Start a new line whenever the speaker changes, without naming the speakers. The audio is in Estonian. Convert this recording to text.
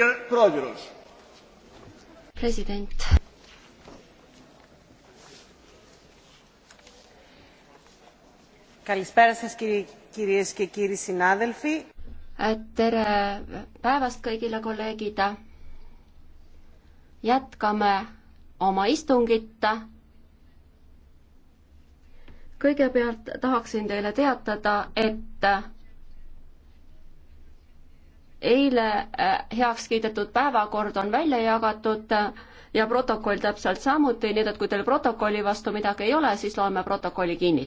president.
Καλησπέρα σας κύριε,
κυρίες και κύριοι συνάδελφοι.
Tere päevast kõigile kolleegid. Jätkame oma istungit. Kõigepealt tahaksin teile teatada, et eile äh, heaks kiidetud päevakord on välja jagatud äh, ja protokoll täpselt samuti, nii et kui teil protokolli vastu midagi ei ole, siis loeme protokolli kinni.